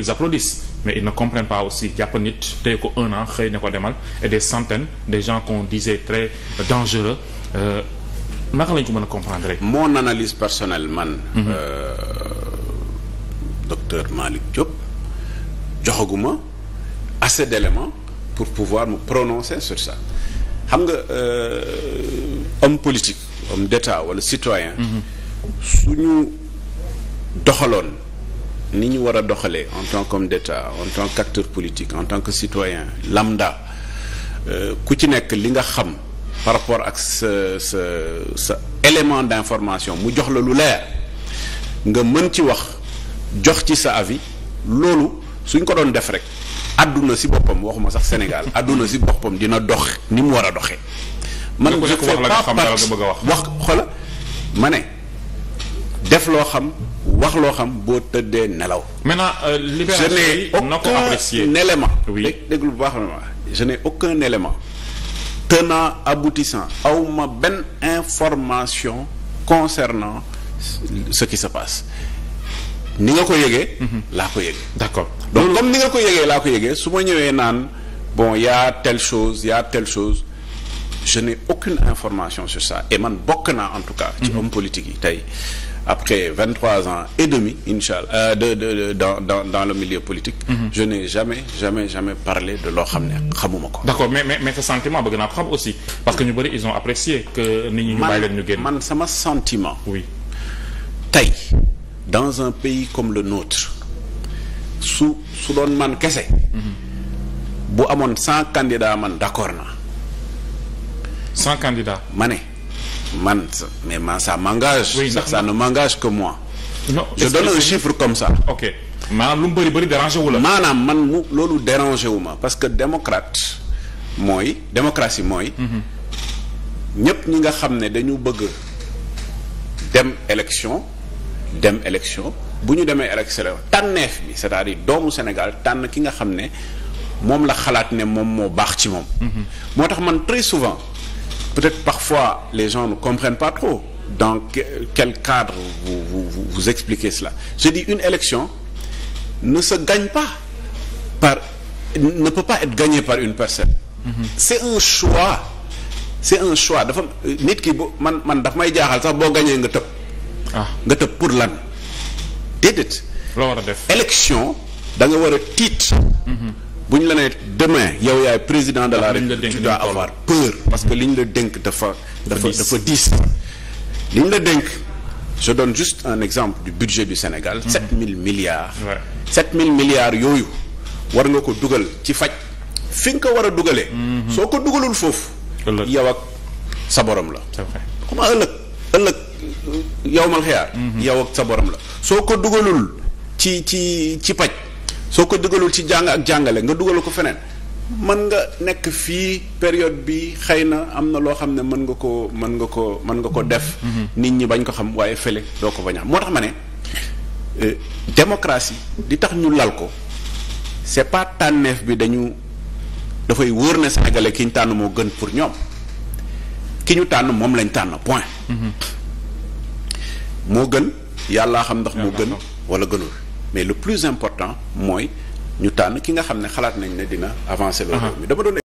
ils applaudissent mais ils ne comprennent pas aussi jàpp nit tey ko un an xëy ne ko demal et des centaines des gens qu'on disait très dangereux euh, naka lañ ko mën a comprendre rek. mon analyse personnelle man. Mm -hmm. euh, docteur Malick joxaguma assez d'éléments pour pouvoir me prononcer sur ça xam nga euh, politique homme d'État wala citoyen. Mm -hmm. doxaloon. ni ñu war a doxalee en tant qu'homme d'État en tant acteur politique en tant que citoyen lambda euh, ku ci nekk li nga xam par rapport ak sa sa sa élément d'information mu jox la lu leer nga mën ci wax jox ci sa avi loolu suñ ko doon def rek àdduna si boppam waxuma sax Sénégal àdduna si boppam dina dox ni mu war a doxee. man je fais pas partie wax la nga bëgg a wax wax xoola ma ne. def loo xam wax loo xam boo tëddee nelaw. maintenant euh, libération yi na ko apprécier je n'ai aucun élément. oui bu baax la je n'ai aucun élément. tenant aboutissant awma benn information concernant ce qui se passe ni nga ko yëgee mhm. laa ko yëgee d'accord donc comme ni nga ko yëgee laa ko yëgee su ma ñëwee naan bon yaa a telle chose y a telle chose je n'ai aucune information sur ça et man bokk naa en tout cas ci mhm. homme politique yi tey après vingt trois ans et demi incha allah euh, de de dans dans dans le milieu politique. Mhm. je n'ai jamais jamais jamais parlé de loo xam ne xamuma ko. d'accord mais mais mais ce sentiment bëgg naa ko xam aussi parce que ñu bëri ils ont apprécié que nit ñi ñu bàyyi leen ñu génn. man sama sentiment. oui dans un pays comme le nôtre su su doon man kese. Mhm. bu amoon cent candidats man d'accord naa. cent candidats ma man mais man ça m'engage. Oui, ça, ça ne m'engage que moi. Non, je donne un chiffre comme sa ok maanaam lu mu bëri bëri dérangé wu la. maanaam man mu loolu dérangé wu ma parce que démocrate mooy démocratie mooy. Mhm. ñëpp ñi nga xam ne dañu bëgg dem élection dem élection bu ñu demee élection tànneef bi c'est-à-dire doomu Sénégal tànn ki nga xam ne moom la xalaat ne moom moo baax ci moom. Mhm. moo tax man très souvent. peut-être parfois les gens ne comprennent pas trop dans quel cadre vous, vous, vous expliquez cela. Je dis une élection ne se gagne pas par ne peut pas être gagnée par une personne. Mm -hmm. C'est un choix. C'est un choix dafa nit ki bu man man daf may jaaxal sax boo gañee nga tëb. Ah. nga tëb pour lan déedéet. loo war a def élection da nga war a tiit. Mhm. bu ñu la nee demain yow yaay président de la République tu dois avoir peur parce que li ñu la dénk dafa dafa dafa diis li ñu la dénk je donne juste un exemple du budget du Sénégal mm-hmm. sept mille milliards sept mille milliards yooyu war nga ko dugal ci faj fi nga ko war a dugalee mm-hmm. soo ko dugalul foofu yow ak sa borom la comment ëllëg ëllëg yow mal xiyaar mm-hmm. yow ak sa borom la soo ko dugalul ci ci ci paj soo ko dugalul ci jàng ak jàngale nga dugal ko feneen mën nga nekk fii période bi xëy na am na loo xam ne mën nga ko mën nga ko mën nga ko def mm-hmm. nit ñi bañ ko xam waaye fële doo ko bañ moo tax ma ne euh, démocratie di tax ñu lal ko c'est pas tànneef bi dañu dafay wóor ne sénégalais ki ñu tànn moo gën pour ñoom ki ñu tànn moom lañ tànn point mm-hmm. moo gën yàllaa xam ndox moo gën wala gënul mais le plus important mooy ñu tànn ki nga xam ne xalaat nañu ne dina avancer. loolu dama doon